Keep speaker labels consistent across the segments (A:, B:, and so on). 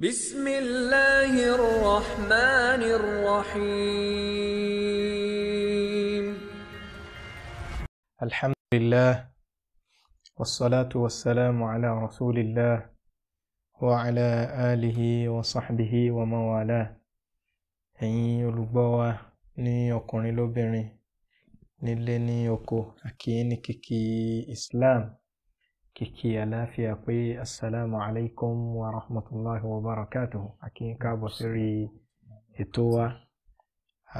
A: بسم الله الرحمن الرحيم الحمد لله والصلاة والسلام على رسول الله وعلى آله وصحبه وموالاه والاه ẹ̀yin olùgbọ́ wa ní ọkùnrin lóbìnrin nílé ní oko kìkì Islam kíkí aláfíà pé assalamu alaikum wa rahmatulahi wa barakatuhu akin káàbọ̀ sórí ètò wa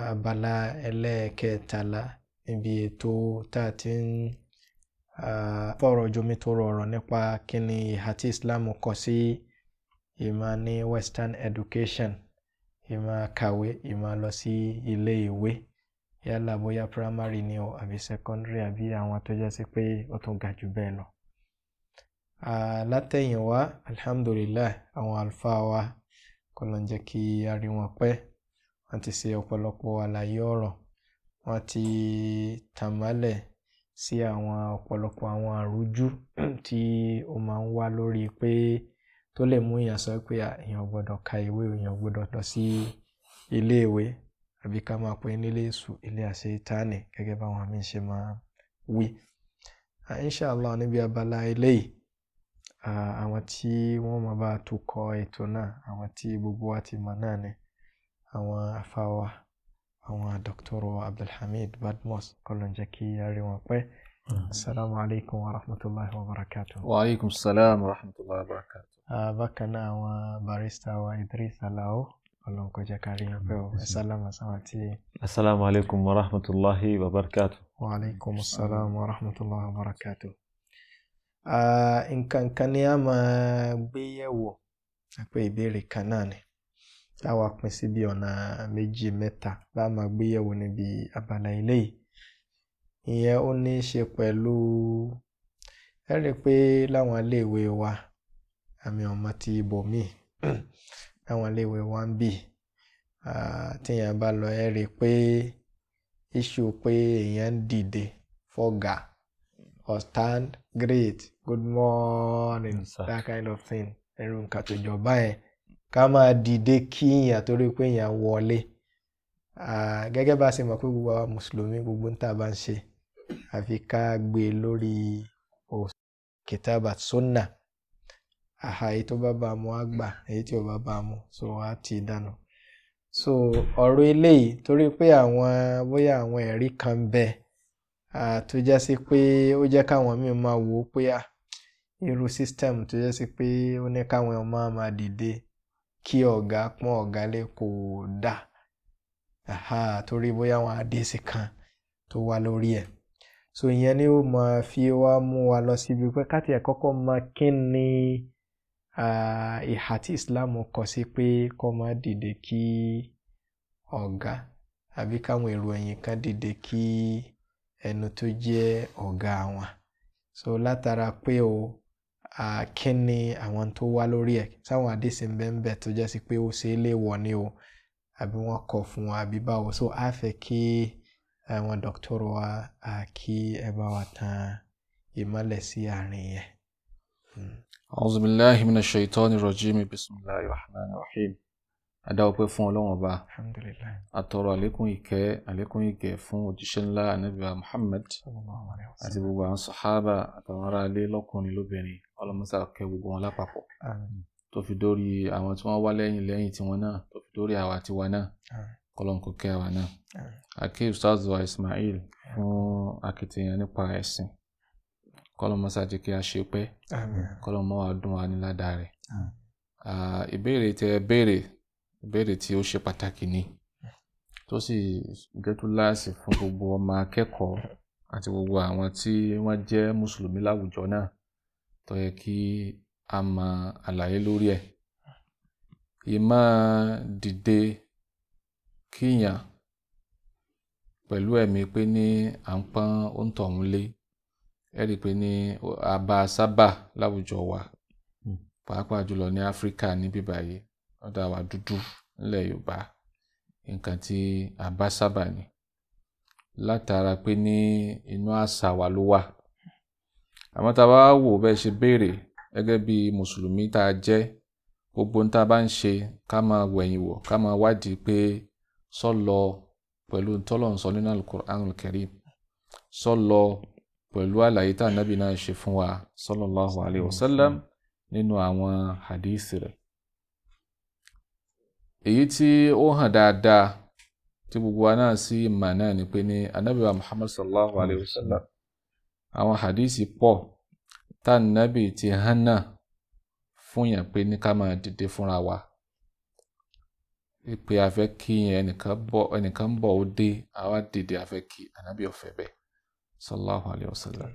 A: abala ẹlẹ́ẹ̀kẹtàlá níbi ètò tá a ti ń fọ̀rọ̀ jomitoro ọ̀rọ̀ nípa kíni ìhà tí islam kọ sí ìmọ̀ ní western education ìmọ̀ kàwé ìmọ̀ lọ sí ilé ìwé yálà bóyá primary ni o àbí secondary àbí àwọn tó jẹ́ sí pé ó tún ga jù bẹ́ẹ̀ lọ. alátẹ̀yìnwá alhamdulilayi àwọn àlùfáà wa kọ́lọ́n jẹ́ kí a rí wọn pẹ́ wọ́n ti ṣe ọ̀pọ̀lọpọ̀ àlàyé ọ̀rọ̀ wọ́n ti tàmálẹ̀ sí àwọn ọ̀pọ̀lọpọ̀ àwọn àrújú tí ó máa ń wá lórí pé tó lè mú èèyàn sọ pé èèyàn gbọ́dọ̀ ka ìwé èèyàn gbọ́dọ̀ lọ sí iléèwé àbí ká máa pè é nílé èṣù ilé àṣetánì gẹ́gẹ́ báwọn àmì ṣe máa wí. inshallah níbi abala eléyìí àwọn tí wọ́n máa bá tukọ̀ ètò náà àwọn tí gbogbo wa ti mọ̀ náà ni àwọn afáwa àwọn Dr. Abdulhamid Badmus kọlọ̀njẹ́ kí a rí wọn pẹ́. Mm-hmm. Assalamu alaikum wa rahmatullahi wa barakatuh.
B: Wa alaikum salam wa rahmatullahi wa
A: barakatuh. Bákan náà àwọn barista wa Idris Alao kọlọ̀nkọjẹ́ ká wọn pẹ́ o. Mm-hmm. Assalamu àti.
C: Assalamu wa rahmatullahi wa barakatuh. Wa
A: alaikum salam wa rahmatullahi wa barakatuh. nǹkan kan ni a máa gbé yẹ̀wò pé ìbéèrè kan náà ni táwa pín sí bí ọ̀nà méjì mẹ́ta bá a máa gbé yẹ̀wò níbi abala eléyìí ìyẹn ó ní í ṣe pẹ̀lú ẹ rí i pé láwọn iléèwé ti ibòmíì láwọn iléèwé wa ń bì tíyẹn bá lọ ẹ rí pe pé iṣu pé èèyàn or stand great good morning yes, that kind of thing ẹrù nǹkan tó jọba yẹn ká máa dìde kíyàn torí pé èèyàn wọlé gẹ́gẹ́ bá a ṣe mọ̀ pé gbogbo àwọn mùsùlùmí gbogbo ń tà ń ṣe àfi ká gbé e lórí kìtàbà sunna àhà èyí tó bá bá a mú á gbà èyí tí ò bá bá mú so á ti dànù so ọ̀rọ̀ eléyìí torí pé àwọn bóyá àwọn ẹ̀rí kan bẹ́ẹ̀ tó jẹ́ sí pé ó jẹ́ káwọn míì máa wò ó pé irú system tó jẹ́ sí pé ó ní káwọn ọmọ máa dìde kí ọ̀gá pọ́n ọ̀gá lé kò dà torí bóyá wọn àdéhùn kan tó wà lórí ẹ̀ so ìyẹn ni ó máa fi wá mú wa lọ síbi pé káti ẹ̀ kọ́kọ́ máa kí ni ìhà tí Islam kọ sí pé kọ́ máa dìde kí ọ̀gá àbí káwọn èrò ẹ̀yìn kan dìde kí. Ki ẹni tó jẹ́ ọ̀gá wọn so látara pé o kí ni àwọn tó wá lórí ẹ̀ sáwọn àdìsí ń bẹ́ẹ̀ bẹ́ẹ̀ tó jẹ́ sí pé ó ṣe é lè ni o àbí wa àbí báwo so a fẹ́ kí àwọn dọ́kítọ́rù wa kí ẹ bá wa tan ìmọ́lẹ̀ sí àárín yẹn.
B: Hmm. adáwọ̀pẹ́ fún ọlọ́run ọba alhamdulillah àtọrọ àlékún ìkẹ́ àlékún ìkẹ́ fún òjíṣẹ́ ńlá ànábì wa muhammad àti gbogbo àwọn sàhábà àtàwọn ará ilé lọ́kùnrin lóbìnrin ọlọ́mọsà kẹ́ gbogbo wọn lápapọ̀ tó fi dórí àwọn tí wọ́n wá lẹ́yìn lẹ́yìn tiwọn náà tó fi dórí àwa tiwa náà kọlọ́nkọ kẹ́ àwa náà àkí ustaz wa ismail fún akitiyan nípa ẹ̀sìn kọlọ́mọsà jẹ́ kí a ṣe pẹ́ kọlọ́mọ wa wa ní ìbéèrè tí ó ṣe pàtàkì ni tó sì jẹ́ túláàsì fún gbogbo ọmọ akẹ́kọ̀ọ́ àti gbogbo àwọn tí wọ́n jẹ́ mùsùlùmí láwùjọ náà tó yẹ kí a mọ àlàyé lórí ẹ̀ ìmọ̀ dìde kíyàn pẹ̀lú ẹ̀mí pé ní à ń pọ́n òǹtọ̀hún lé ẹ̀rí pé ní àbá sábà láwùjọ wa hmm. pàápàá jùlọ ní Áfíríkà níbí báyìí ọ̀dọ̀ àwa dúdú nílẹ̀ Yorùbá nǹkan tí a bá sábà ní látara pé ní inú àṣà wa ló wà àmọ́ tá a bá wò bẹ́ẹ̀ ṣe béèrè gẹ́gẹ́ bí mùsùlùmí tá a jẹ́ gbogbo ní tá a bá ń ṣe ká máa wẹ̀yìn wò ká máa wádìí pé sọ́lọ pẹ̀lú tọ́lọ̀ ń sọ nínú Al-Qur'anul Karim sọ́lọ pẹ̀lú àlàyé tá ànábì náà ṣe fún wa sallallahu alayhi wa sallam nínú àwọn hadith rẹ̀ èyí tí ó hàn dáadáa tí gbogbo wa náà sì mà náà ni pé ní anabi wa muhammad sallallahu alayhi wa sallam àwọn hadisi pọ̀ tá nàbì ti hàn náà fún yàn pé ní ká máa dìde fúnra wa pé a fẹ́ kí yẹn ẹnìkan ń bọ̀ ó dé àwa dìde a fẹ́ kí anabi ọ̀fẹ́ bẹ́ẹ̀ sallallahu alayhi wa sallam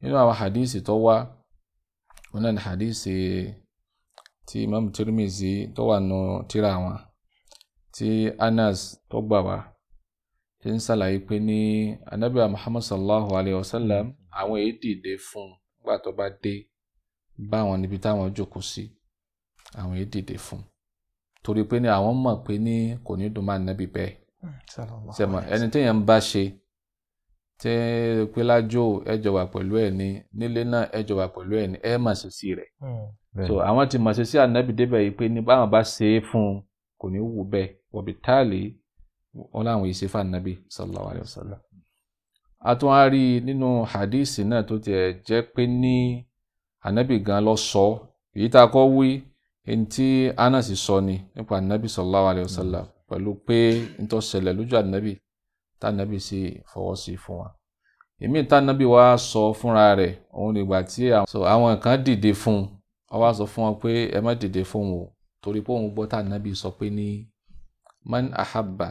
B: nínú àwọn hadisi tó wá wọn náà ni hadisi. tí imam tirimizi tó wà nù tíra wọn tí anas tó gbà wá ti ń ṣàlàyé pé ní anabi muhammad sallallahu alayhi wa sallam àwọn èyí dìde fún un nígbà tó bá dé báwọn níbi táwọn jókòó sí àwọn èyí dìde fún un torí pé ní àwọn mọ̀ pé ní kò ní dùn máa nábì bẹ́ẹ̀ hmm, sẹ́mọ̀ ẹni téèyàn ń bá ṣe tí pílájò ẹjọ wà pẹ̀lú ẹ̀ ní nílé náà ẹjọ wà pẹ̀lú ẹ̀ ní ẹ mà ṣe sí rẹ̀ hmm. so àwọn ti mà ṣe sí ànábì débẹ̀ yìí pé ní báwọn bá ṣe é fún un kò ní wù bẹ́ẹ̀ wọ̀bí táàlì wọn làwọn yìí ṣe fún ànábì sallallahu alayhi wa sallam. a tún á rí i nínú hadith náà tó tiẹ̀ jẹ́ pé ní ànábì gan lọ sọ èyí tá a kọ́ wí ẹni tí Anas sọ ni nípa ànábì sallallahu alayhi wa sallam pẹ̀lú pé ń tó ṣẹlẹ̀ lójú ànábì tànàbí sì fọwọ́ sí fún wa èmi tànàbí wa sọ fúnra rẹ̀ òun nígbà tí àwọn kan dìde fún un wọ́n wá sọ fún wọn pé ẹ má dìde fún wọn torí pé òun gbọ́ tànàbí sọ pé ní man ahabba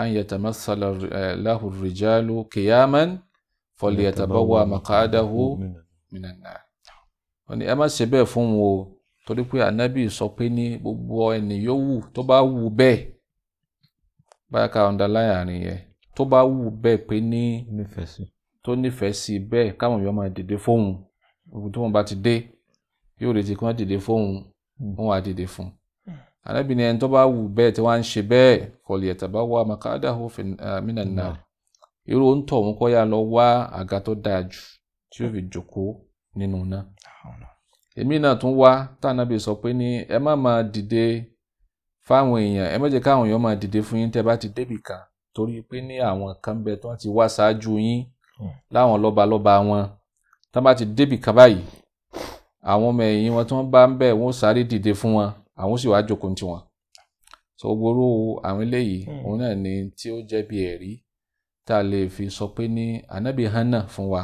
B: an yatamassala eh, lahu rijalu qiyaman falyatabawwa maqadahu minan nar wọ́n ní ẹ má ṣe bẹ́ẹ̀ fún o torí pé ànábì sọ pé ní gbogbo ẹni yóò wù tó bá wù bẹ́ẹ̀ báyà ká ọ̀ndà láyàrin yẹn tó bá wù bẹ́ẹ̀ pé ní tó nífẹ̀ẹ́ sí bẹ́ẹ̀ káwọn èèyàn máa dìde fóun ogun tó wọn bá ti dé yóò retí kí wọ́n dìde fóun hmm. wọn wá dìde fún un arábìnrin hmm. ẹni tó bá wù bẹ́ẹ̀ tí wọ́n á ṣe bẹ́ẹ̀ kọ̀lì ẹ̀tà bá wà makadahu ah, mina náà hmm. irú ń tọ̀ wọn kọ́ yà lọ wá àga tó dáa jù tí yóò fi jókòó nínú náà ah, oh èmi náà tún wá tá ànábì sọ pé ní ẹ má máa dìde fáwọn èèyàn ẹ má jẹ́ káwọn èèyàn máa dìde fún yín tẹ́ bá ti débì kan torí pé ní àwọn kan bẹ tí wọ́n ti wá ṣáájú yín hmm. láwọn lọ́balọ́ba wọn tí wọ́n bá ti débì kan báyìí àwọn ọmọ ẹ̀yìn wọn tí wọ́n bá ń bẹ̀ wọ́n sáré dìde fún wọn àwọn sì wá jókòó tiwọn so gbòòrò àwọn eléyìí hmm. òun náà ni tí ó jẹ́ bí ẹ̀rí tá a lè fi sọ pé ní anabi hana fún wa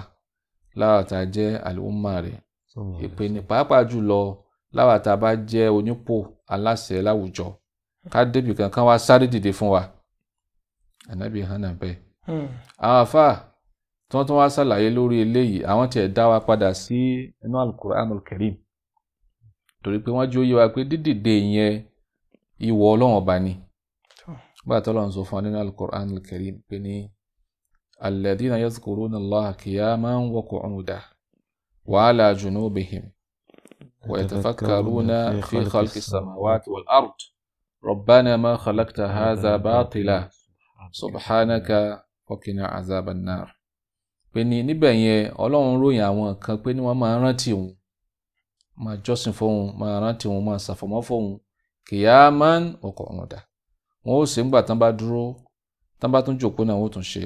B: láwa tá a jẹ́ àlùmọ́ rẹ̀ ìpè ní pàápàá jùlọ láwa tá a bá jẹ́ onípò aláṣẹ láwùjọ ká débì kankan wá sáré dìde fún wa. Mm. ànábì hànà bẹ́ẹ̀. àwọn afa tí wọ́n tún wá ṣàlàyé lórí eléyìí àwọn tiẹ̀ dá wa padà sí inú alukur'anul karim torí pé wọ́n jó yé wa pé dídìde yẹn ìwọ ọlọ́run ọba ni bá a tọ́lọ̀ ń sọ fún wa nínú alukur'anul karim pé ní alladhina yazkuruna allaha qiyaman wa qu'udan wa ala junubihim ويتفكرون في خلق السماوات والأرض ربنا ما خلقت هذا باطلا subhanaka wakina azaban nar pé ní níbẹ̀ yẹn ọlọ́run ròyìn àwọn kan pé ní wọ́n máa rántí òun máa jọ́sìn fóun máa rántí òun máa ṣàfọ̀mọ́ fóun kìyàmán ọkọ̀ ọ̀run dà wọn ó sì ń gbà tán bá dúró tán bá tún jòkó náà wọn ó tún ṣe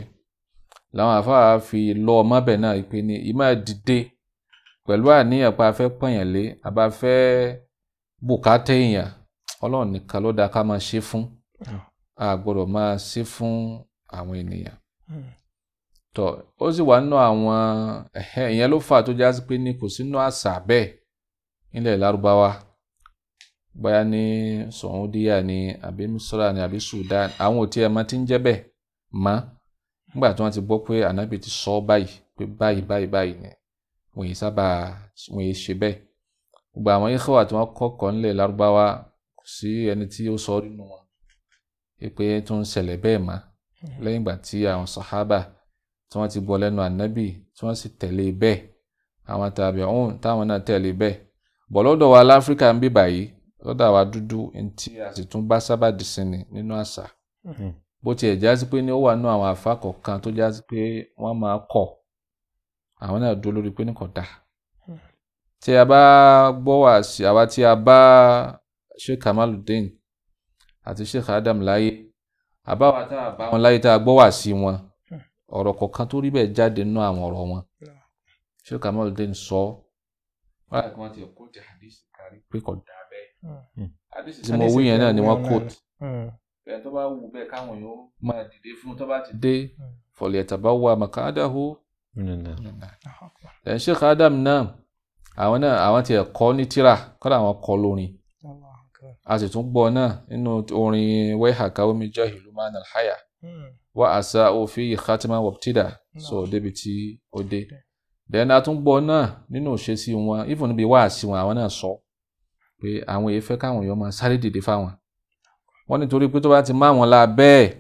B: làwọn àfáà fi lọ ọmọbẹ̀ náà pé ní ìmáa dìde pẹ̀lú àníyàn pé a fẹ́ lé a bá fẹ́ èèyàn ọlọ́run nìkan ló dáa ká máa ṣe fún a gbọ́dọ̀ máa ṣe fún àwọn ènìyàn hmm. tọ ó sì wà nínú àwọn ìyẹn ló fà tó já sí pé ní kò sínú àṣà bẹ́ẹ̀ nílẹ̀ lárúbáwá bóyá ní sọ̀húndíyà ni àbí misra ni àbí sudan àwọn ò tí ẹ mọ̀ tí ń jẹ́ bẹ́ẹ̀ mọ́ nígbà tí wọ́n ti gbọ́ pé ànábì ti sọ báyìí pé báyìí báyìí báyìí ni wọ́n yìí sábà wọ́n yìí ṣe bẹ́ẹ̀ gbogbo àwọn ìkọ́wà tí wọ́n kọ́kọ́ nílẹ̀ lárúbáwá kò sí ẹni tí ó sọ nínú wọn pé tó ń ṣẹlẹ̀ bẹ́ẹ̀ má hmm. lẹ́yìn ìgbà tí àwọn sàhábà tí wọ́n ti gbọ́ lẹ́nu ànábì tí wọ́n sì tẹ̀lé e bẹ́ẹ̀ àwọn tàbí ọ̀hún táwọn náà tẹ̀lé e bẹ́ẹ̀ bọ̀ lọ́dọ̀ wa láfíríkà ń bí báyìí lọ́dọ̀ àwa dúdú ntí a sì tún bá sábà dì sí ni nínú àṣà hmm. bó tiẹ̀ já sí pé ní ó wà nú àwọn àfa kọ̀ọ̀kan tó já sí pé wọ́n máa kọ̀ àwọn náà dúró lórí pé ní kò dáa hmm. tí a bá gbọ́ wá àwa tí a bá ṣe Kamaludeen àti Sheikh Adam láyé àbáwá tá a bá wọn láyé tá a gbọ́ wà sí wọn ọ̀rọ̀ kọ̀ọ̀kan tó rí bẹ́ẹ̀ jáde nínú àwọn ọ̀rọ̀ wọn Sheikh Kamaldeen sọ ọ́ wọ́n láti kó ti hadith kárí pé kò dáa bẹ́ẹ̀ hmm. hadith tí mo wí yẹn náà ni wọ́n kó hmm. tì hmm. bẹ́ẹ̀ tó bá wù bẹ́ẹ̀ káwọn yóò máa dìde fún tó bá ti dé falyatabawwa maq'adahu ẹ̀ Sheikh Adam náà àwọn náà àwọn tiẹ̀ kọ́ ní tíra kọ́ a sì tún gbọ́ náà nínú orin wayhaka omi jahilu man alhaya hmm. wa asa ofi khatima wabtida hmm. so débi tí ó dé hmm. then a tún gbọ́ náà nínú òṣèṣì wọn even níbi wáàsí wọn àwọn náà sọ pé àwọn èèyàn fẹ́ káwọn èèyàn máa sáré dìde fáwọn wọn nítorí pé tó bá ti má wọn la bẹ́ẹ̀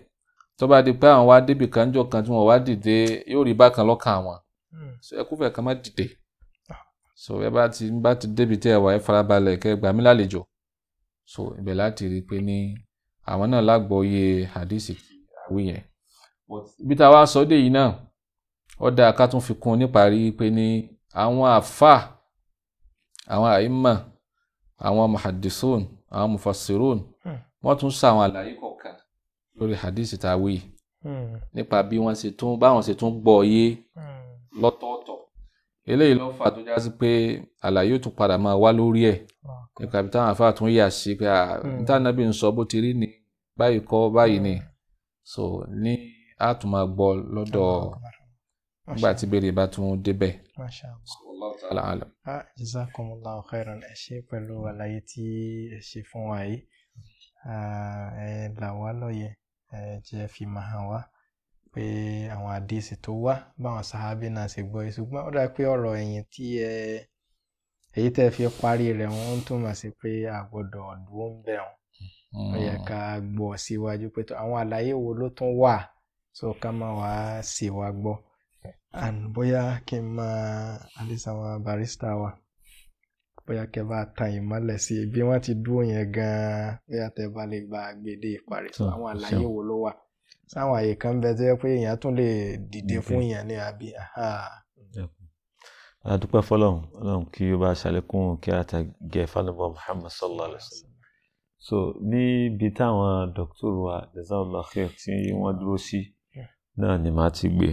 B: tó bá di pé àwọn wá débi kan jọ kan tí wọn wá dìde yóò rí bákan lọ́kàn àwọn ẹkúfẹ̀ kan má dìde ah. so ẹ bá ti bá ti débi tẹ́ ẹ wà ẹ farabalẹ̀ kẹ́ gbà so ibẹ̀ láti rí i pé ní àwọn náà lágbọ́yé hadith àwí yẹn ibi tá a wá sọ dé yìí náà ó dáa ká tún fi kún un níparí pé ní àwọn àfà àwọn àìmà àwọn muhaddisun àwọn mufassirun hmm. wọ́n tún sa àwọn àlàyé kọ̀ọ̀kan lórí hadith tá a wí yìí hmm. nípa bí wọ́n ṣe tún báwọn ṣe tún gbọ́ yé hmm. lọ́tọ̀ọ̀tọ̀ eléyìí ló fà tó já sí pé àlàyé ó tún padà máa wá lórí ẹ̀ nípa ibi táwọn afáà tún yà sí pé ìtànàbí hmm. ń sọ bó ti rí ni báyìí kọ́ báyìí ni hmm. so ní a tún máa gbọ́ lọ́dọ̀ nígbà tí béèrè bá tún débẹ̀.
A: jazakumullahu khairan ẹ ṣé pẹ̀lú àlàyé tí ẹ ṣe fún wa yìí ẹ là wá lóye ẹ jẹ́ fi mà hàn wá pé àwọn àdìsí tó wá báwọn sàhábì náà ṣe gbọ́ ẹ ṣùgbọ́n ó dà pé ọ̀rọ̀ ẹ̀yìn tí ẹ. Eh, èyí tẹ́ fi parí rẹ̀ wọ́n túmọ̀ sí pé àgbọ̀dọ̀ ọ̀dùn ó ń bẹ̀ ó yẹ hmm. ká gbọ́ síwájú pé àwọn àlàyé wo ló tún wà so ká má wá sí wa gbọ́ and bóyá kí n máa alisa wa barista wa bóyá kẹ bá tan ìmọ́lẹ̀ sí ibi wọ́n ti dúró yẹn gan-an bóyá tẹ bá lè gba gbèdé ìparí so hmm, àwọn àlàyé wo ló wà sáwọn àyè kan bẹ tó yẹ pé èèyàn tún lè dìde fún èèyàn ní àbí
C: adúpẹ́ fọlọ́run ọlọ́run kí ó bá ṣàlékún kí á ta gẹ fanubọ muhammad sallallahu alaihi wa sallam so níbi táwọn dọ́kítọ̀rù wa jazakallah khair tí wọ́n dúró sí náà ni màá ti gbé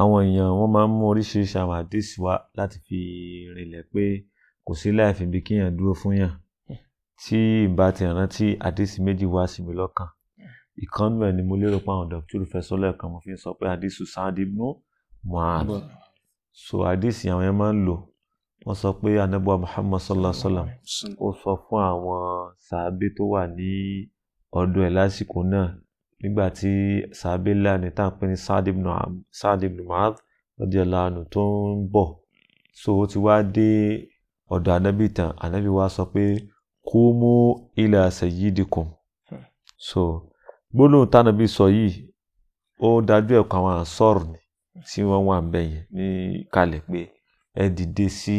C: àwọn èèyàn wọ́n máa ń mú oríṣiríṣi àwọn àdéhùn wá láti fi rinlẹ̀ pé kò sí láìfi bí kéèyàn dúró fún yàn tí ìbá ti rántí àdéhùn méjì wá sí mi lọ́kàn ìkànnì ẹ̀ ni mo lérò pé àwọn dọ́kítọ̀rù fẹ́ sọ́lẹ̀ kan mo fi ń sọ pé àdéhùn sáà so àdìsí àwọn yẹn máa ń lò wọ́n sọ pé anabuwa muhammad sallallahu alaihi wa sallam ó sọ fún àwọn sàábé tó wà ní ọ̀dọ̀ ẹ̀ lásìkò náà nígbà tí sàábé lánà tá à ń pè ní saad ibn mu'adh radiyallahu anhu tó ń bọ̀ so ó ti wá dé ọ̀dọ̀ anabi tán anabi wa sọ pé kumu ila sayyidikum so gbólóhùn tánàbí sọ yìí ó dájú ẹ̀kọ́ àwọn ànsọ́ọ̀rù ni tí wọ́n wà ńbẹ̀ yẹn ní kalẹ̀ pé ẹ dìde sí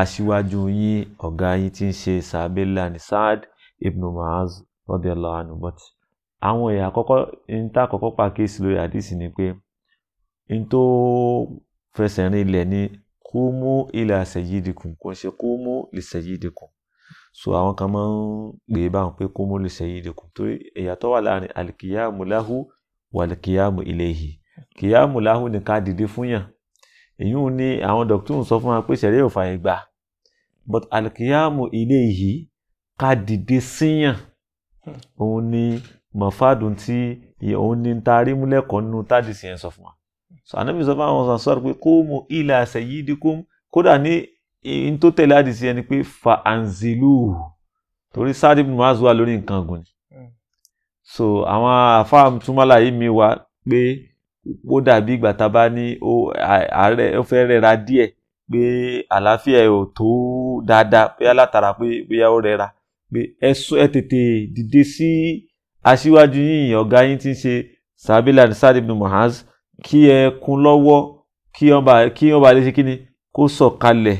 C: aṣíwájú yín ọ̀gá yín tí ń ṣe sàbẹ̀lá ní Saad ibn Mu'az radiyallahu anhu but àwọn ẹ̀yà àkọ́kọ́ ń tá àkọ́kọ́ pàkíyèsí lórí àdìsí ni pé ń tó fẹsẹ̀ rìn ilẹ̀ ní kúmú ila sayyidikum kò ṣe kúmú li sayyidikum so àwọn kan máa ń pè é báwọn pé kúmú li sayyidikum torí ẹ̀yà tó wà láàrin alikiyamu lahu wà alikiyamu ilayhi kìyàmù láhùn nìkan dìde fún yàn èyí ò ní àwọn dọ̀kítún sọ fún wa pé sẹ̀rí ò fàyè gbà but alikiyamu ilé yìí ká dìde síyàn òun ni mọ̀fádùn tí òun ni ta rí múlẹ̀kọ́ nínú tádìsì yẹn sọ fún wa so anabi sọ fún àwọn ọ̀sán sọ̀rọ̀ pé kó mu ilà sayyidikum kódà ní in tó tẹ̀lé àdìsí yẹn ni pé fa anzilu torí Sa'd ibn Mu'az wà lórí nǹkan gùn ni hmm. so àwọn afáàmùtúmọ́lá yìí mi wá pé ó dàbí ìgbà tá a bá ní àárẹ̀ ó fẹ́ rẹra díẹ̀ pé àlàáfíà ẹ̀ ò tó dáadáa bóyá látara pé bóyá ó rẹra pé ẹ tètè dìde sí aṣíwájú yìnyín ọ̀gá yín ti ń ṣe Sabila Sa'd ibn Mu'az kí ẹ kún lọ́wọ́ kí ọba kí ọba lè ṣe kí ni kó sọ̀kalẹ̀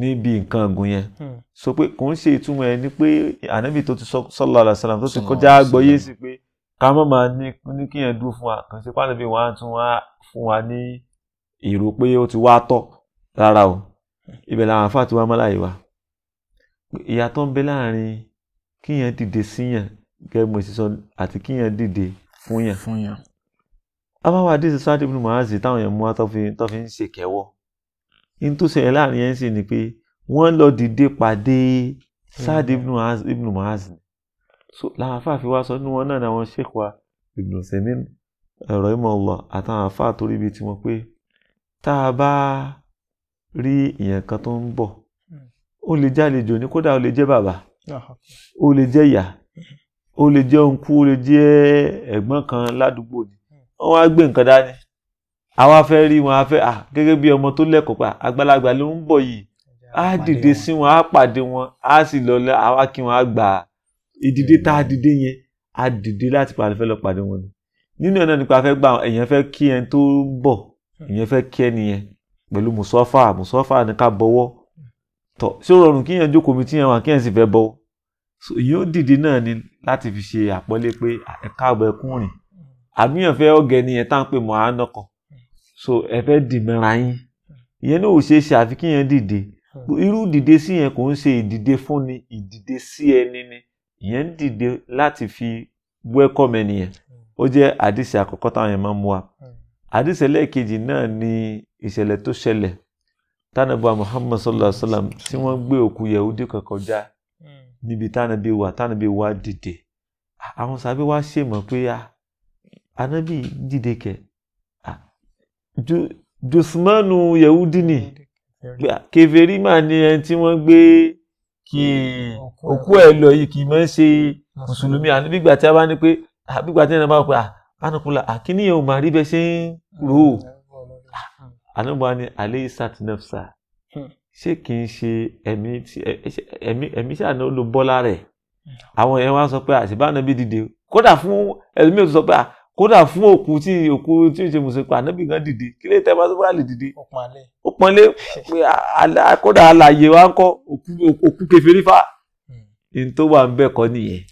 C: níbi nǹkan ọ̀gùn yẹn hmm. sọ pé kò ń ṣe ìtumọ̀ ẹ ní pé ànábì tó ti sallallahu alaihi wasallam tó ti kọjá gbọ́yé sí pé ká má máa ní ní kí yẹn dúró fún wa kàn sí pàdé bí wọn á tún wá fún wa ní èrò pé ó ti wá tọ̀ rárá o ibẹ̀ làwọn àfáà ti wá mọ́láyé wa ìyàtọ̀ ń bẹ láàrin kí yẹn dìde síyàn gẹ́gẹ́ mo ti sọ àti kí yẹn dìde fún yẹn. fún yẹn. abáwá àdìsí sáà dìbò màásì táwọn yẹn mú wa tó fi ń ṣèkẹ́wọ́ in tó ṣẹlẹ̀ láàrin yẹn sì ni pé wọ́n lọ dìde pàdé sáà dìbò màásì so làwọn àfa àfi wá sọ nínú wọn náà ni àwọn sheikh wa Ibn Uthaymeen ẹ̀rọ ìmọ̀ Allah àtàwọn àfa àtòrí bíi tiwọn pé tá a bá rí ìyẹn kan tó ń bọ̀ ó lè jẹ́ àlejò ní kódà ó lè jẹ́ bàbá ó lè jẹ́ ìyá ó lè jẹ́ òǹkú ó lè jẹ́ ẹ̀gbọ́n kan ládùúgbò ni wọ́n wá gbé nǹkan dání àwa fẹ́ rí wọn a fẹ́ à gẹ́gẹ́ bí ọmọ tó lẹ́kọ̀ọ́ pa àgbàlagbà ló ń bọ̀ yìí á dìde sí wọn á pàdé wọn á sì lọ lọ àwa kí wọn á gbà á ìdìde tá a dìde yẹn a dìde láti pa àlefẹ́ lọ pàdé wọn ni nínú ẹ̀ náà nípa fẹ́ gbà èèyàn fẹ́ kí ẹni tó bọ̀ èèyàn fẹ́ kí ẹni yẹn pẹ̀lú mùsọ́fà mùsọ́fà ni ká bọ̀wọ́ tọ̀ ṣé ó rọrùn kíyàn jókòó mi tíyàn wà kíyàn sì fẹ́ bọ̀wọ́ so yóò dìde náà ni láti fi ṣe àpọ́nlé pé ẹ̀ka ọ̀bẹ kúnrìn àbíyàn fẹ́ ọ̀gẹ̀ ni ẹ̀ tá à ń pè mọ́ àánọ́kọ̀ so ẹ fẹ́ dì mẹ́ra yín ìyẹn náà ò ṣeé ṣe àfi kíyàn dìde irú dìde sí yẹn kò ń ṣe ìdìde fún ni ìdìde sí ẹni ni ìyẹn ń dìde láti fi wẹ́kọ̀m ẹnìyẹn ó jẹ́ àdìsí àkọ́kọ́ táwọn yẹn máa mú wa àdìsí ẹlẹ́ẹ̀kejì náà ni ìṣẹ̀lẹ̀ tó ṣẹlẹ̀ tánàbà Muhammad sallallahu alaihi wa sallam tí wọ́n gbé òkú Yẹhudi kan kọjá níbi tánàbí wà tánàbí wà dìde àwọn sàbí wá ṣèmọ̀ pé anábì ah, dìde kẹ̀ ah, Jùsùmánù Yẹhudi ni kèfèrí mà ni ẹni tí wọ́n gbé kí òkú ẹ lọ yìí kì í máa ń ṣe mùsùlùmí àní bígbà tí a bá ní pé bígbà tí a bá pè à pánukula àkíní yẹn ò máa rí bẹ ṣe ń rò ó ànúbọ̀ ni alẹ́ isatinafsa ṣé kì í ṣe ẹ̀mí ẹ̀mí ẹ̀mí ṣáà ni ó lo bọ́lá rẹ̀ àwọn yẹn wá sọ pé àṣìbáná bí dìde kódà fún ẹlòmíì tó sọ pé kódà fún òkú tí òkú tí ò ṣe mùsùlùmí pé ànábì gan dìde kí lè tẹ́ bá sọ pé àlè dìde pọ́nlé kódà alàyè wa ń kọ́ òkú kẹfẹ́rí fà hmm. ní tó wà ń bẹ̀ kọ́ nìyẹn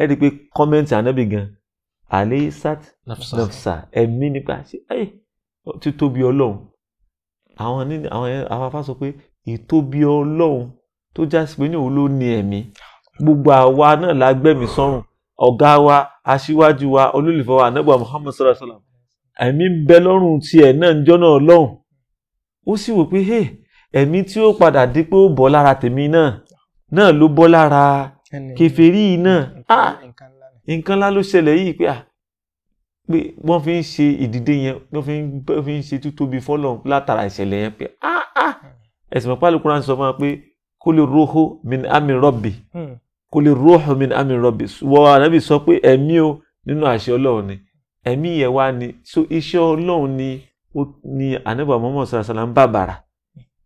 C: ẹ rí i pé kọ́mẹ́ǹtì ànábì gan alẹ́ sat nafsa ẹ̀mí nípa ṣe ẹ ti tóbi ọlọ́run àwọn nínú àwọn afáfá sọ pé ìtóbi ọlọ́run tó já sí pé ní òun ló ní ẹ̀mí gbogbo àwa náà la gbẹ̀mí sọ́run ọ̀gá wa aṣíwájú wa olólùfẹ́ wa ànábì Muhammad sallallahu alaihi ẹ̀mí ń bẹ lọ́rùn tiẹ̀ náà ń jọ́nà ọlọ́run ó sì wò pé hey ẹ̀mí tí ó padà di pé ó bọ́ lára tèmi náà náà ló bọ́ lára kèfèrí náà ah nǹkan ńlá ló ṣẹlẹ̀ yìí pé ah wọ́n fi ń ṣe ìdìde yẹn wọ́n fi ń ṣe títóbi fọ́lọ́run látara ìṣẹ̀lẹ̀ yẹn pé ah ah hmm. ẹ̀sìn mọ̀ pálí kúránì sọ fún wa pé kó lè róhó min ami rọ́bì kó lè róhó min ami rọ́bì wọ́n ànábì sọ pé ẹ̀mí o nínú àṣẹ ọlọ́run ni ẹ̀mí yẹn wá ni so iṣẹ́ ọlọ́run ni ó ní ànábì Muhammad sallam bàbàrà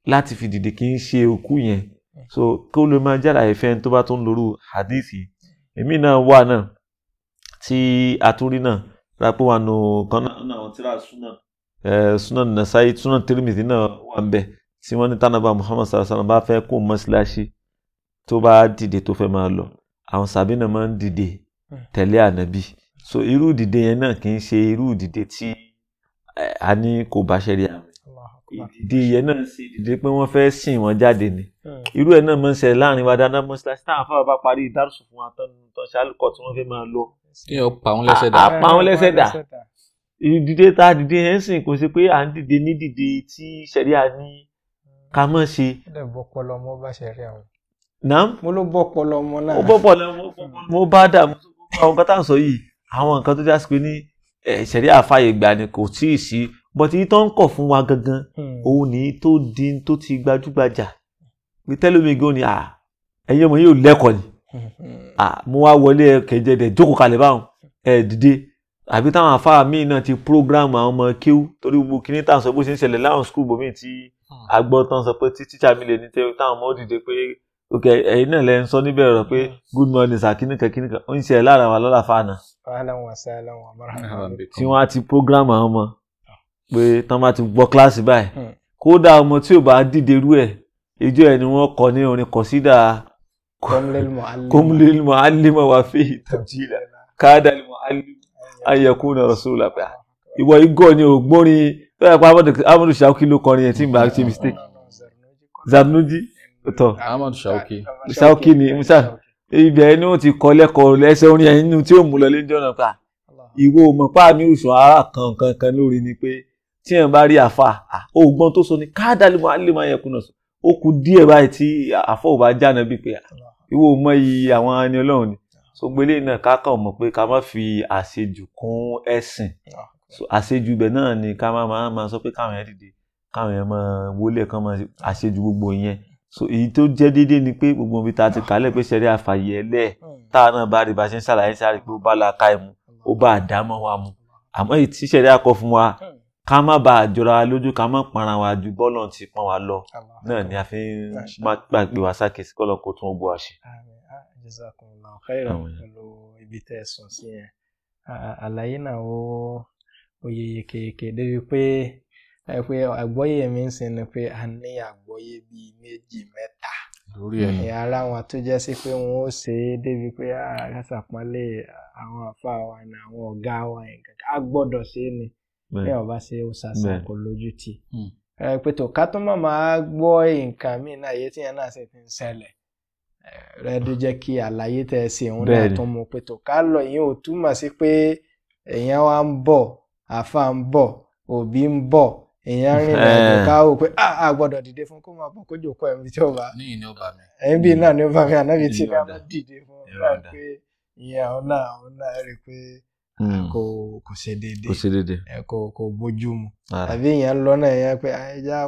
C: láti fi dìde kì í ṣe òkú yẹn so kó lè máa jára ìfẹ́ tó bá tó ń lòrú hadith yìí èmi náà wà náà tí àtúrí náà rápò wà nù kan náà àwọn tíra súnà súnà Nasa'i súnà Tirmidhi náà wà ń bẹ tí wọ́n ní tánàbà Muhammad sallam bá fẹ́ kó mọ́ṣáláṣí tó bá dìde tó fẹ́ máa lọ àwọn sàbí náà máa ń dìde hmm. tẹ̀lé ànábì so irú dìde yẹn náà kì í ṣe irú dìde tí a ní kò bá ṣẹlẹ̀ àmì ìdí ìyẹn náà sì dìde pé wọ́n fẹ́ sìn wọ́n jáde ni hmm. irú ẹ̀ náà máa ń ṣe láàrin wa dáná mọ́ṣáláṣí táwọn afáwọn bá parí ìdárùsùn fún wa tán tán ṣálùkọ tí wọ́n fẹ́ máa lọ. yóò pa wọn lẹ́sẹ̀ dà. pa wọn lẹ́sẹ̀ dà ìdìde tá a dìde ẹ̀ ń sìn kò sí pé à ń dìde ní dìde tí ṣẹ̀ríà ní ká mọ̀ ṣe.
A: ó lè bọ́ pọlọ mọ́ bá ṣẹ̀ríà o.
C: naam. mo ló bọ́ pọlọ mọ́ náà. ó bọ́ pọlọ mọ́ bá dà mo bá àwọn nǹkan tá à ń sọ yìí àwọn nǹkan tó jásí pé ní Eh, ṣẹ̀rí àfààyè gbà ni kò tí ì sí bọ́tí yìí tó ń kọ̀ fún wa gangan hmm. òun ní tó di tó ti gbajúgbajà ní tẹ́lómi gan ni ẹ̀yin ọmọ yóò lẹ́kọ̀ọ́ ni hmm. mo wá wọlé kẹjẹ dẹ̀ jókòó kalẹ̀ báwọn ẹ̀ dìde àbí táwọn afáà míì náà ti program àwọn ọmọ kéwú torí gbogbo kìíní tá à ń sọ bó ṣe ń ṣẹlẹ̀ láwọn skul bòmíì tí hmm. agbọ́tán sọ pé tí tíṣà mi lè ní tẹ́ táwọn ọmọ dìde pé ok ẹ̀yin náà lẹ ń sọ níbẹ̀ rẹ̀ pé mm-hmm. good morning sir kíníkà kíníkà ó ń ṣe ẹ̀ lára wa lọ́la fàánà. tí wọ́n á ti program àwọn ọmọ pé tán bá ti gbọ́ kíláàsì báyìí hmm. kódà ọmọ tí ò bá dìde rú ẹ̀ ìjọ ẹ̀ ni wọ́n kọ ní orin kọ̀sídà kọ́múlélì mọ́ alímọ̀ wà fi tàbílà káàdà lè mọ́ alímọ̀ ayẹkùn náà rọ̀ṣọ́lá pé ìwọ igọ́ ni ògbórin tó yẹ pé amadu shaku ló kọrin ẹ̀ tí n bá ṣe mistake Zarnuji tọ
B: Ahmad Shauki
C: Shauki ni musa ibẹ̀ ni wọ́n ti kọ́ lẹ́kọ̀ọ́ lẹ́sẹ̀ orin ẹ̀yìn nínú tí ó mú lọ lé jọ̀nà pa ìwo mọ̀ páàmì ìṣùn ara kan kan kan lórí ni pé tí ẹ̀ bá rí àfa ògbọ́n tó sọ ni káàdà lè máa lè máa yẹ kùnà sọ ó kù díẹ̀ báyìí tí àfọ ò bá jáná bíi pé ìwo mọ iyì àwọn ẹni ọlọ́run ni so gbélé náà ká kàn mọ̀ pé ká má fi àṣejù kún ẹ̀sìn àṣejù ibẹ̀ náà ni ká má máa sọ pé káwọn yẹn dìde káwọn yẹn máa wọlé kán máa àṣejù gbogbo yẹn so èyí tó jẹ́ déédéé ni pé gbogbo ibi tá a ti ah. kálẹ̀ pé ṣẹ̀rí àfàyè ẹlẹ́ hmm. táà náà bá rí bá ṣe ń ṣàlàyé sáré pé ó bá la ká ìmú ó bá àdámọ́ wa mu àmọ́ èyí tí ṣẹ̀rí àkọ́ fún wa hmm. ká má ba àjọra wa lójú ká má pọnra wa ju bọ́ọ̀lù ti pọ́n wa lọ náà ni a fi ń má gbàgbé wa sákèsí kọ́lọ̀ kó tún gbọ́ àṣẹ. Ah,
A: Jazakumullahu khairan pẹ̀lú ibi tẹ́ ẹ sùn sí ah, àlàyé náà ó yeyekeyeke débi pé afei agbɔyɛ hmm. mi nsɛn no pé ane agbɔyɛ bi meji mẹ́ta yàrá wọn tó jẹ́ sí pé wọn ó ṣe é débi pé àwọn àfa àwọn ọgá wa yẹn kankan á ni bí ọba ṣe ó ṣàṣà kò lójú má máa nǹkan náà yé tíyẹn náà sì ti ń rẹ ló jẹ́ kí àlàyé tẹ̀ sí òun náà tó ká lọ èèyàn rìn ìrìnàjò káwò pé a gbọ́dọ̀ dìde fún kó máa bọ̀ kó jòkó tí ó bá ẹ̀mí náà ni ó bá mi ànábì tí ká dìde fún ọ pé ìyẹn àwọn náà àwọn náà i pé hmm. kò kò ṣe kò bójú mu àbí lọ náà pé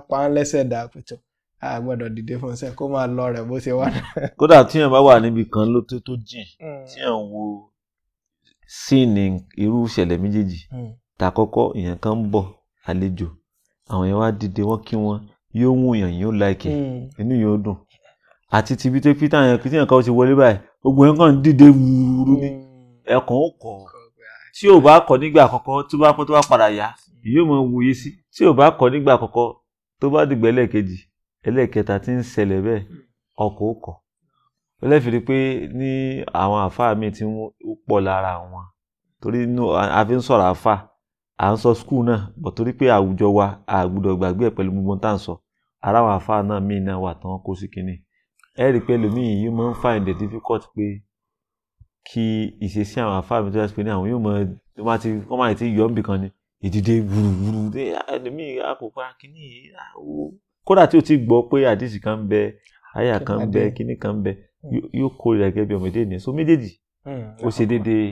A: pa dìde fún ṣe kó máa lọ rẹ̀ bó ṣe wà.
C: kódà tíyẹn bá wà níbi kan ló tó hmm. tó wo irú àwọn yẹn wá dìde wọ́n kí wọn yóò wù yàn yóò láìkè hmm. inú yóò dùn àti tibí tó pété àwọn kìtì yàn kan ti wọlé báyìí gbogbo yẹn kàn dìde wúrú ní ẹkàn ó kọ tí ò bá kọ nígbà àkọ́kọ́ tó bá pọ́n tó bá padà yá yóò mọ wuyé sí tí ò bá kọ nígbà àkọ́kọ́ tó bá dìgbà ẹlẹ́ẹ̀kejì ẹlẹ́ẹ̀kẹta ti ń ṣẹlẹ̀ bẹ́ẹ̀ ọkọ̀ ó kọ̀ lẹ́fìrí pé ní àwọn àfáà mi ti ń pọ̀ lára wọn torí àfi ń sọ̀rọ̀ àfáà à ń sọ skul náà bọ̀ torí pé àwùjọ wa a gbọ́dọ̀ gbàgbé ẹ̀ pẹ̀lú gbogbo tá à ń sọ ara wa fa náà míì náà wà tán kó sí kínní ẹ rí i pé lómìnì yìí máa ń find it difficult pé kí ìṣesí àwọn afáàmì tó yẹ pé ní àwọn yóò mọ tó máa ti wọ́n máa ti yọ̀ ọ́nbì kan ni ìdìde wùrùwùrù dé ẹlòmíì àkókò akínní àwọ kódà tí o ti gbọ́ pé àdìsí kan bẹ àyà kan bẹ kínní kan bẹ hmm. yóò kórìíra gẹ́gẹ́ bí ọmọdé ni so méjèèjì hmm. ó ṣe déédéé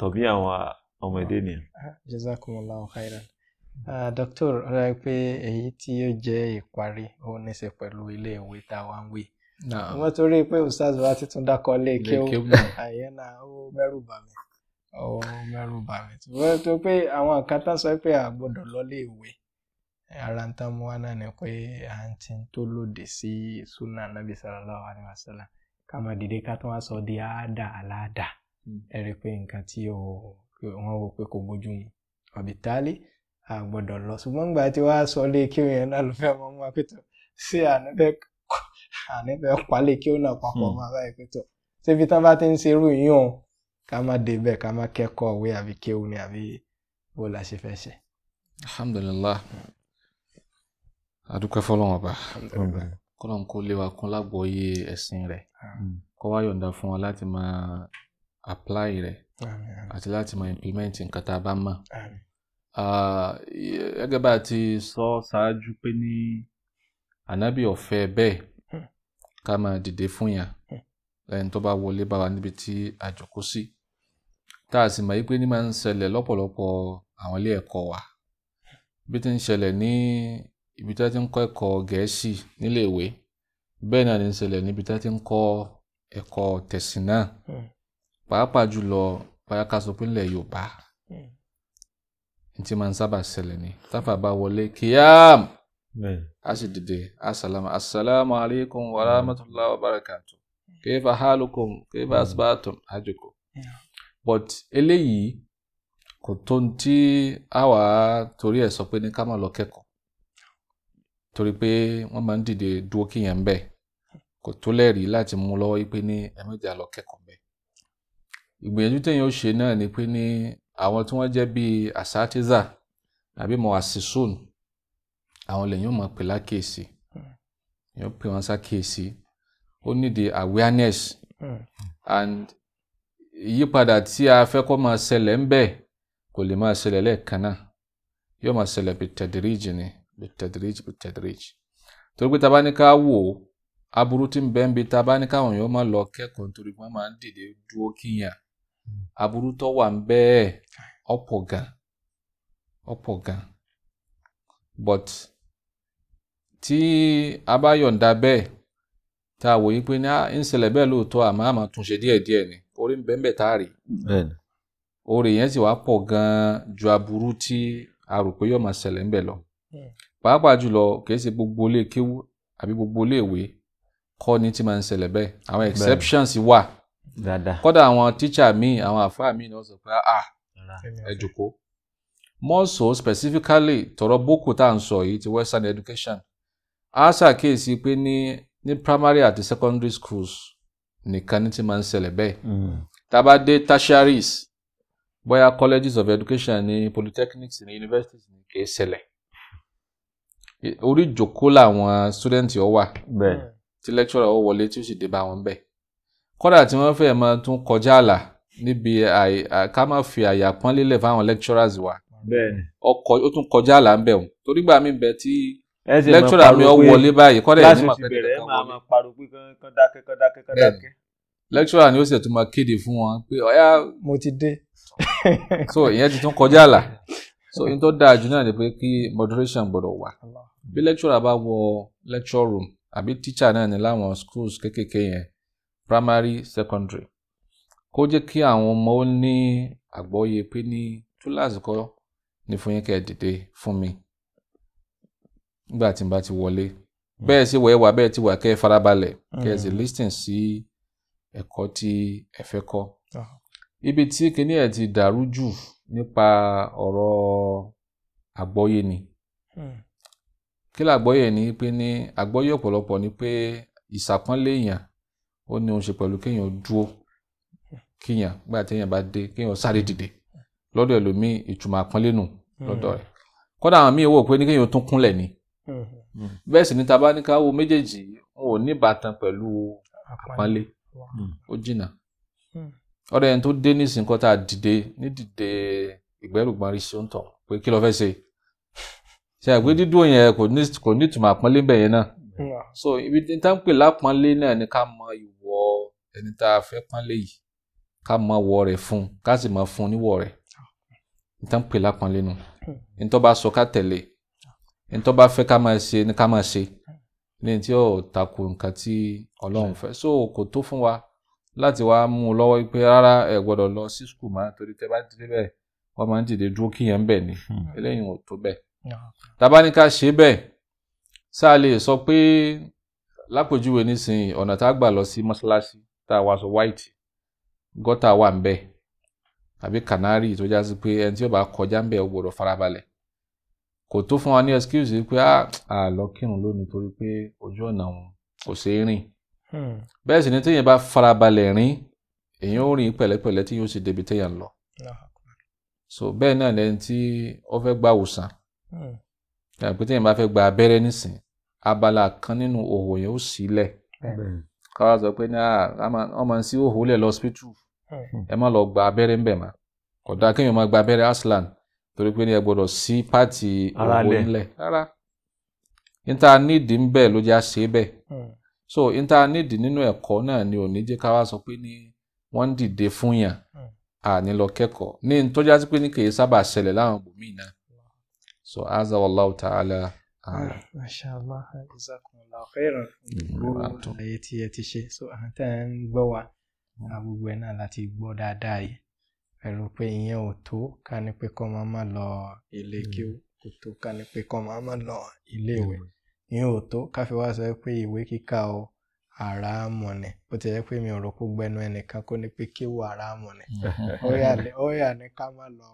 C: tọ̀bí àwọn ọmọ ah, èdè nìyẹn.
A: Ah, jazakumullahu khairan ah, doctor ọ̀rọ̀ ẹ pé èyí tí ó jẹ́ ìparí ó ní ṣe pẹ̀lú ilé ìwé tá a wá ń wí. wọ́n torí pé ustaz wa ti tún dákọ̀ lé kí ó àyẹn náà ó mẹ́rù bà mí ó mẹ́rù bà mí. wọ́n tó pé àwọn kan tán sọ pé a gbọ́dọ̀ lọ lé ìwé ara ń tán mú wá náà ni pé à ń ti tó lòdì sí sunna nabi sallallahu alayhi wa sallam ká máa dìde ká tún wá sọ di àádà aláàdà hmm. ẹ rí i pé nǹkan tí ò wọ́n wò pé kò bójú mu àbítálí a gbọ́dọ̀ lọ ṣùgbọ́n gbà tí wàá sọ lé kí òyìn náà ló fẹ́ mọ́ mú apẹ́tọ̀ sí ànífẹ́ palẹ̀ kí ó náà papọ̀ hmm. mọ́ ara ìpẹ́tọ̀ síbi tán bá ti ń ṣerú yìí hàn ká má débẹ̀ ká má kẹ́kọ̀ọ́ òwe àbí kéwu ni àbí bó la ṣe
B: fẹ́ ṣe. alhamdulilah adúpẹ́ fọlọ́wọ́n ọba kọ́lọ́n kó lé wa kún lágbóyè ẹ̀sìn rẹ̀ kó wá yọ̀ǹda fún wa láti máa apply rẹ̀ àti láti mọ implement nǹkan tá a bá mọ̀. gẹ́gẹ́ bá a ti sọ ṣáájú pé ní ànábì ọ̀fẹ́ bẹ́ẹ̀ hmm. ká máa dìde fún yàn lẹ́yìn hmm. tó bá wọlé bá wa níbi tí a jòkó sí tá a sì mọ̀ pé ní máa ń ṣẹlẹ̀ lọ́pọ̀lọpọ̀ àwọn ilé ẹ̀kọ́ wa bí ti ń ṣẹlẹ̀ ní ibi tí a ti ń kọ́ ẹ̀kọ́ gẹ̀ẹ́sì níléèwé bẹ́ẹ̀ náà ni ń ṣẹlẹ̀ níbi tí a ti ń kọ́ ẹ̀kọ́ tẹ̀sìn náà. Hmm pàápàá jùlọ báyà ká sọ pé ilẹ̀ Yorùbá hmm. ntí máa ń sábà ṣẹlẹ̀ ni táfà bá wọlé kíyàm a sì dìde asalama asalaamu aleykum wa hmm. rahmatulahi wa barakatu kéfà halukum kéfà hmm. asibaatum ajukum but eléyìí kò tó ń tí a wà á torí ẹ̀ sọ pé ní ká má lọ kẹ́kọ̀ọ́ torí pé wọ́n máa ń dìde dúró kíyàn ń kò tó lẹ́rìí láti mú lọ́wọ́ yí pé ní ẹ̀mẹ́jà lọ kẹ́kọ̀ọ́ ìgbìyànjú téèyàn ó ṣe náà ni pé ní àwọn tí wọ́n jẹ́ bíi asatiza àbí muasisun àwọn lèyìn ó mọ̀ pè lákèésí èèyàn pè wọ́n sákèésí ó nídìí awareness hmm. and ìyípadà tí a fẹ́ kó máa ṣẹlẹ̀ ń bẹ̀ kò lè máa ṣẹlẹ̀ lẹ́ẹ̀kan náà yóò máa ṣẹlẹ̀ bìtẹ̀dìríjì ni bìtẹ̀dìríjì bìtẹ̀dìríjì torí pé tábà ní ká wò ó aburú tí ń bẹ ń bi tábà ní káwọn máa lọ kẹ́kọ̀ọ́ nítorí wọ́n máa ń dìde dúró kíyàn aburú tó wà ń gan ọ̀pọ̀ gan but ti a bá yọ̀ǹda bẹ́ẹ̀ tá pé ní ah, ń ṣẹlẹ̀ bẹ́ẹ̀ lóòótọ́ àmọ́ túnṣe díẹ̀díẹ̀ ni orí ń bẹ́ẹ̀ tá a rí orí yẹn sì wá pọ̀ gan-an ju aburú tí a rò pé yóò máa ṣẹlẹ̀ ń bẹ̀ lọ pàápàá jùlọ kìí ṣe gbogbo ilé kéwú àbí gbogbo ilé ìwé kọ́ ni tí máa ń ṣẹlẹ̀ bẹ́ẹ̀ àwọn exceptions wà dáadáa kódà àwọn tíṣà míì àwọn àfáà míì náà sọ pé ah ẹ jòkó more specifically tọrọ boko tá à ń sọ yìí ti western education a ṣàkíyèsí pé ní ní primary àti secondary schools nìkan ní ti máa ń ṣẹlẹ̀ bẹ́ẹ̀ hmm. tá a bá dé tertiaries bóyá colleges of education ní polytechnics ní universities ní kì í ṣẹlẹ̀ orí ìjòkó làwọn student ọ wà tí lecturer ọ wọlé tí ó sì dé bá wọn bẹ́ẹ̀ kódà tí wọ́n fẹ́ẹ́ máa tún kọjá àlà níbi ká má fi àyà pọ́n lélẹ̀ fáwọn lecturers wa ọkọ ó tún kọjá àlà ń bẹ̀ wọ́n torí gbà mí bẹ tí lecturer mi ọ wọlé báyìí kódà yẹn ní màá
C: fẹ́ẹ́ tẹ̀lé kan wọlé
B: lecturer ni ó sì tún máa kéde fún wọn
A: pé ọ̀yá mo ti dé
B: so ìyẹn ti tún kọjá àlà so in tó dáa jù náà ni pé kí moderation gbọdọ̀ wà bí lecturer bá wọ lecture room àbí teacher náà ni láwọn schools kéékèèké yẹn primary secondary kó jẹ́ kí àwọn ọmọ ó ní àgbọ́yé pé ní túláàsì kọ́ ni fún yín kẹ́ ẹ dìde fún mi nígbà tí n bá ti wọlé hmm. bẹ́ẹ̀ sì wọ̀ ẹ́ wà bẹ́ẹ̀ ti wà kẹ́ ẹ farabalẹ̀ hmm. kẹ́ ẹ sì listen sí ẹ̀kọ́ tí ẹ fẹ́ kọ́ ah. ibi tí kinní ẹ̀ ti dàrú jù nípa ọ̀rọ̀ àgbọ́yé ni hmm. kí làgbọ́yé ni pé ní àgbọ́yé ọ̀pọ̀lọpọ̀ ni pé ìsàpọ́nlé èèyàn ó ní òun ṣe pẹ̀lú kéèyàn dúró kíyàn gbà téèyàn bá dé kéèyàn sáré dìde lọ́dọ̀ ẹlòmíì ìtumọ̀ àpọ́nlé nù lọ́dọ̀ rẹ̀ kọ́dà àwọn míì wò pé ní kéèyàn tún kúnlẹ̀ ni mm-hmm. bẹ́ẹ̀ sì ni taba ní ká wo méjèèjì ò ní ìbátan pẹ̀lú àpọ́nlé ó jìnnà hmm. ọ̀rẹ́ ẹni tó dé nísìnyí kọ́ tá a dìde ní dìde ìgbẹ́rùgbọ́n rí ṣó ń tọ̀ pé kí ló fẹ́ ṣe ṣe àgbé dídùn yẹn kò ní ìtumọ̀ àpọ́nlé bẹ̀yẹn náà hmm. so ibi tí n tá pè lápọ́nlé náà ni ká mọ ìw ẹni tá a fẹ́ pọ́nlé yìí ká mọ wọ rẹ̀ fún un ká sì mọ fún un níwọ̀ rẹ̀ nítorí pè lápọ́nlé nu nítorí bá sọ ká tẹ̀lé nítorí bá fẹ́ ká máa ṣe ni ká máa ṣe ní tí ó takò nǹkan tí ọlọ́run fẹ́ so kò tó fún wa láti wá mú un lọ́wọ́ pé rárá ẹ gbọ́dọ̀ lọ sí skul máa torí tẹ́ bá dìde bẹ́ẹ̀ wọ́n máa ń dìde dúró kíyẹn bẹ́ẹ̀ ni hmm. eléyìí ò tó bẹ́ẹ̀ hmm. tábà ní ká ṣe bẹ́ẹ̀ sáà lè sọ pé lápèjúwe nísìnyí ọ̀nà tá a gbà lọ sí mọ́ṣáláṣí tá was wá aṣọ white gọ́tà wà ń bẹ̀ àbí kànárì tó já sí pé ẹni tí ó bá kọjá ń bẹ̀ ó gbọ́dọ̀ farabalẹ̀ kò tó fún wa ní excuse pé ah, a lọ kírun lónìí torí pé ojú ọ̀nà kò ṣeé rìn hmm. bẹ́ẹ̀ sì ni téèyàn bá farabalẹ̀ rìn èèyàn ó rìn pẹ̀lẹ́pẹ̀lẹ́ tí yóò sì débi téèyàn lọ so bẹ́ẹ̀ náà lẹ́ni tí ó fẹ́ gba òòsàn hmm. yàtọ̀ pé téèyàn bá fẹ́ gba abẹ́rẹ́ nísìn abala kan nínú òwò yẹn ó sílẹ̀ káwá sọ pé ní ọ sí òhò hmm. ẹ má lọ gba abere ń ma. mà kódà gba abẹ́rẹ́ aslan torí pé ní ẹ gbọ́dọ̀ sí pààtì òhò ńlẹ̀ rárá níta ń bẹ. Hmm. so níta ninu nínú ẹ̀kọ́ náà ni ò ní jẹ́ sọ pé ní wọ́n ń dìde fún yàn àní hmm. lọ kẹ́kọ̀ọ́ ní pé ní so azza wallahu Ah,
A: mashallah, jazakumullahu khairan gbogbo àlàyé tí ẹ ti ṣe so àwọn tẹ́ ń gbọ́ wa hmm. gbogbo ẹ̀ náà láti gbọ́ dáadáa yìí pẹ̀lú pé ìyẹn ò tó ká ní pé kọ́ máa má lọ ilé kí ó hmm. kò tó ká ní pé kọ́ máa má lọ ilé ìwé hmm. ìyẹn ò tó ká fi wá sọ pé ìwé kíkà o ara mọ̀nẹ̀ bó ti jẹ́ pé mi ò rò kó gbẹnu ẹnìkan kó ní pé kíwò ara mọ̀nẹ̀ ó yà ní ká má lọ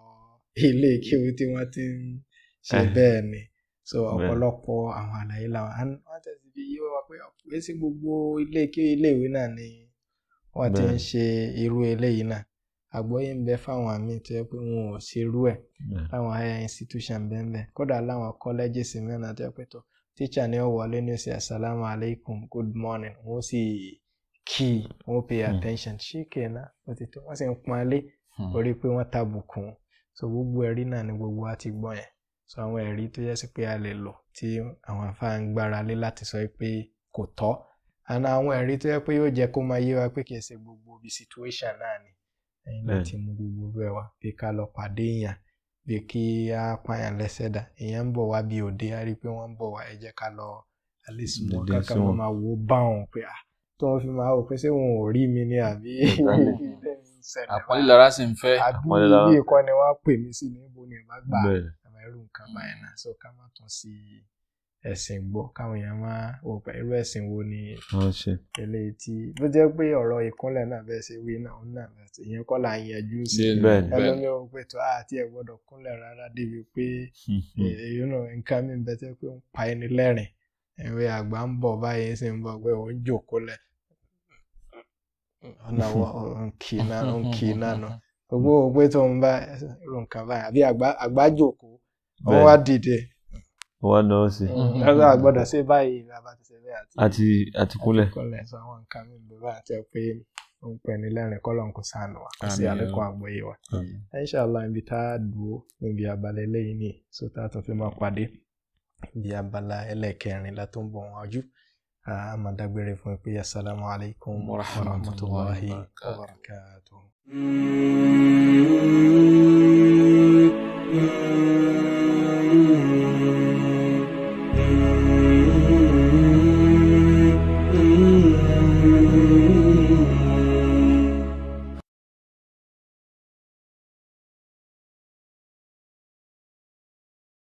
A: ilé kíwò tí wọ́n ti ń ṣe eh. bẹ́ẹ̀ ni. so ọ̀pọ̀lọpọ̀ àwọn àlàyé làwọn and wọ́n tẹ̀sí fi yé wa pé ọ̀pẹ́ sí gbogbo ilé kí iléèwé náà ni wọ́n ti ń ṣe irú eléyìí náà àgbọ́yé ń bẹ fáwọn míì tó yẹ pé wọn ò ṣe irú ẹ̀ higher institution bẹ́ẹ̀ kódà láwọn colleges mìíràn tó yẹ pé tó tíṣà ni ó wọlé so gbogbo náà ni gbogbo so àwọn ẹ̀rí tó yẹ sí pé a lè lò tí àwọn àfáà ń gbára lé láti sọ pé kò tọ́ àna àwọn ẹ̀rí tó yẹ pé yóò jẹ́ kó máa yé wa pé kìí ṣe gbogbo bí situation náà ni ẹ̀yin láti mú gbogbo bẹ́ẹ̀ wá bí ká lọ pàdé èèyàn bí kí á pààyàn lẹ́sẹ̀ dà èèyàn ń bọ̀ wá bí òde á rí i pé wọ́n ń bọ̀ wá ẹ jẹ́ ká lọ àlésì mọ́ kákan wọ́n máa wo báwọn pé à tó wọ́n fi máa wò pé ṣé wọn ò rí mi ni àbí
B: àpọ́nlé lára àbí ibi ìkọ́ni wá
A: pè mí sí ní ni ìbá gbà
B: irú nǹkan mm. báyìí náà so ká má tún sí
A: ẹ̀sìn gbọ́ káwọn èèyàn máa wò pé irú ẹ̀sìn wo ni eléyìí tí bó jẹ́ pé ọ̀rọ̀ ìkúnlẹ̀ náà bẹ́ẹ̀ ṣe wí náà náà ìyẹn kọ́ là ń yanjú sí ẹlẹ́mi ò pé tó àti ah, ẹ̀ gbọ́dọ̀ kúnlẹ̀ rárá débi pé èyí mm-hmm. eh, náà nǹkan mi bẹ́ẹ̀ tẹ́ pé ń pa ẹni lẹ́rìn ìwé àgbà ń bọ̀ báyìí ṣe ń bọ̀ pé òun jòkó lẹ̀ ọ̀nà òǹkì
C: náà òǹkì náà nù
A: gbogbo òpé tó ń bá irú nǹkan báyìí àbí àgbájòkó
C: wọ́n wá dìde. wọ́n lọ sí. lọ́sọ̀ àgbọ̀dọ̀
A: ṣe báyìí bàbá ti ṣe bẹ́ẹ̀ àti. àti àti kúnlẹ̀. kúnlẹ̀ sọ àwọn nǹkan mi ló bá àti pé ó ń pẹ́ ní lẹ́rìn kọ́ lọ́nkù sànù wa kò sí àlékún àgbọ̀yé wa. inshallah ibi tá a dúró níbi abala eléyìí ni sọta tó fi máa pàdé ibi abala ẹlẹ́kẹrin la tó ń bọ̀ wájú àmàdágbére fún pé assalamu alaikum wa rahmatullahi wa barakatuh. Mm-hmm.